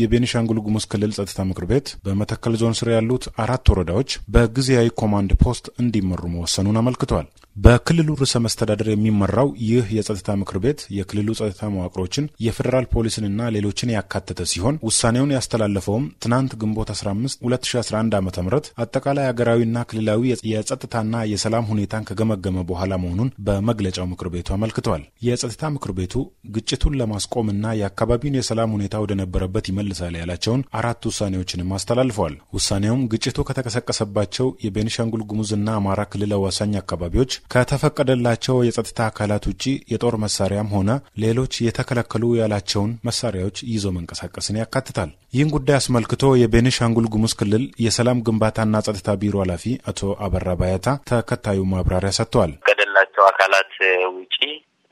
የቤኒሻንጉል ጉሙዝ ክልል ጸጥታ ምክር ቤት በመተከል ዞን ስር ያሉት አራት ወረዳዎች በጊዜያዊ ኮማንድ ፖስት እንዲመሩ መወሰኑን አመልክቷል። በክልሉ ርዕሰ መስተዳደር የሚመራው ይህ የጸጥታ ምክር ቤት የክልሉ ጸጥታ መዋቅሮችን የፌዴራል ፖሊስንና ሌሎችን ያካተተ ሲሆን ውሳኔውን ያስተላለፈውም ትናንት ግንቦት 15 2011 ዓ ም አጠቃላይ ሀገራዊና ክልላዊ የጸጥታና የሰላም ሁኔታን ከገመገመ በኋላ መሆኑን በመግለጫው ምክር ቤቱ አመልክተዋል። የጸጥታ ምክር ቤቱ ግጭቱን ለማስቆምና የአካባቢውን የሰላም ሁኔታ ወደነበረበት ይመልሳል ያላቸውን አራት ውሳኔዎችንም አስተላልፈዋል። ውሳኔውም ግጭቱ ከተቀሰቀሰባቸው የቤኒሻንጉል ጉሙዝና አማራ ክልል አዋሳኝ አካባቢዎች ከተፈቀደላቸው የጸጥታ አካላት ውጭ የጦር መሳሪያም ሆነ ሌሎች የተከለከሉ ያላቸውን መሳሪያዎች ይዞ መንቀሳቀስን ያካትታል። ይህን ጉዳይ አስመልክቶ የቤኒሻንጉል ጉሙዝ ክልል የሰላም ግንባታና ጸጥታ ቢሮ ኃላፊ አቶ አበራ ባያታ ተከታዩ ማብራሪያ ሰጥተዋል። ከፈቀደላቸው አካላት ውጪ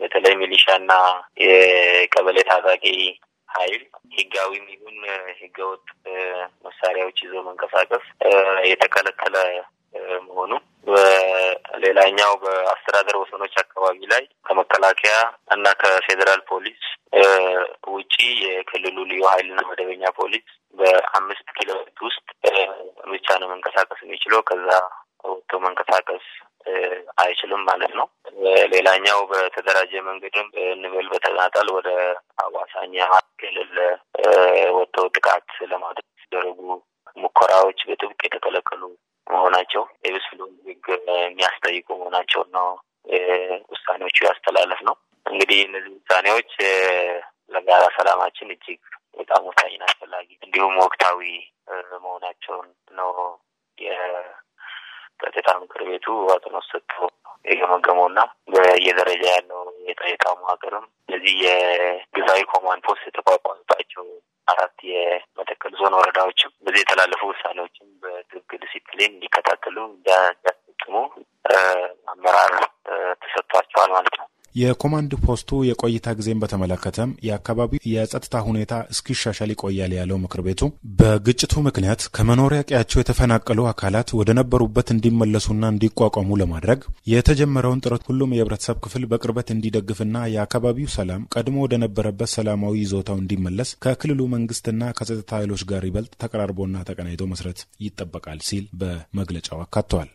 በተለይ ሚሊሻና የቀበሌ ታጣቂ ኃይል ህጋዊም ይሁን ህገወጥ መሳሪያዎች ይዞ መንቀሳቀስ የተከለከለ ሌላኛው በአስተዳደር ወሰኖች አካባቢ ላይ ከመከላከያ እና ከፌዴራል ፖሊስ ውጪ የክልሉ ልዩ ኃይልና መደበኛ ፖሊስ በአምስት ኪሎ ሜትር ውስጥ ብቻ ነው መንቀሳቀስ የሚችለው። ከዛ ወጥቶ መንቀሳቀስ አይችልም ማለት ነው። ሌላኛው በተደራጀ መንገድም እንበል በተናጠል ወደ አዋሳኛ ክልል ወጥተው ጥቃት ለማድረግ ሲደረጉ ሙከራዎች መሆናቸውን ነው ውሳኔዎቹ ያስተላለፍ ነው። እንግዲህ እነዚህ ውሳኔዎች ለጋራ ሰላማችን እጅግ በጣም ወሳኝን አስፈላጊ እንዲሁም ወቅታዊ መሆናቸውን ነው የጸጥታ ምክር ቤቱ አጽንኦት ሰጥቶ የገመገመውና በየደረጃ ያለው የጸጥታ መዋቅርም እነዚህ የግዛዊ ኮማንድ ፖስት የተቋቋመባቸው አራት የመተከል ዞን ወረዳዎችም በዚህ የተላለፉ ውሳኔዎችም በትክክል ዲሲፕሊን እንዲከታተሉ እንዲያስፈጽሙ አመራር ተሰጥቷቸዋል ማለት ነው። የኮማንድ ፖስቱ የቆይታ ጊዜን በተመለከተም የአካባቢው የጸጥታ ሁኔታ እስኪሻሻል ይቆያል ያለው ምክር ቤቱ በግጭቱ ምክንያት ከመኖሪያ ቀያቸው የተፈናቀሉ አካላት ወደ ነበሩበት እንዲመለሱና እንዲቋቋሙ ለማድረግ የተጀመረውን ጥረት ሁሉም የህብረተሰብ ክፍል በቅርበት እንዲደግፍና የአካባቢው ሰላም ቀድሞ ወደ ነበረበት ሰላማዊ ይዞታው እንዲመለስ ከክልሉ መንግስትና ከጸጥታ ኃይሎች ጋር ይበልጥ ተቀራርቦና ተቀናይቶ መስረት ይጠበቃል ሲል በመግለጫው አካቷል።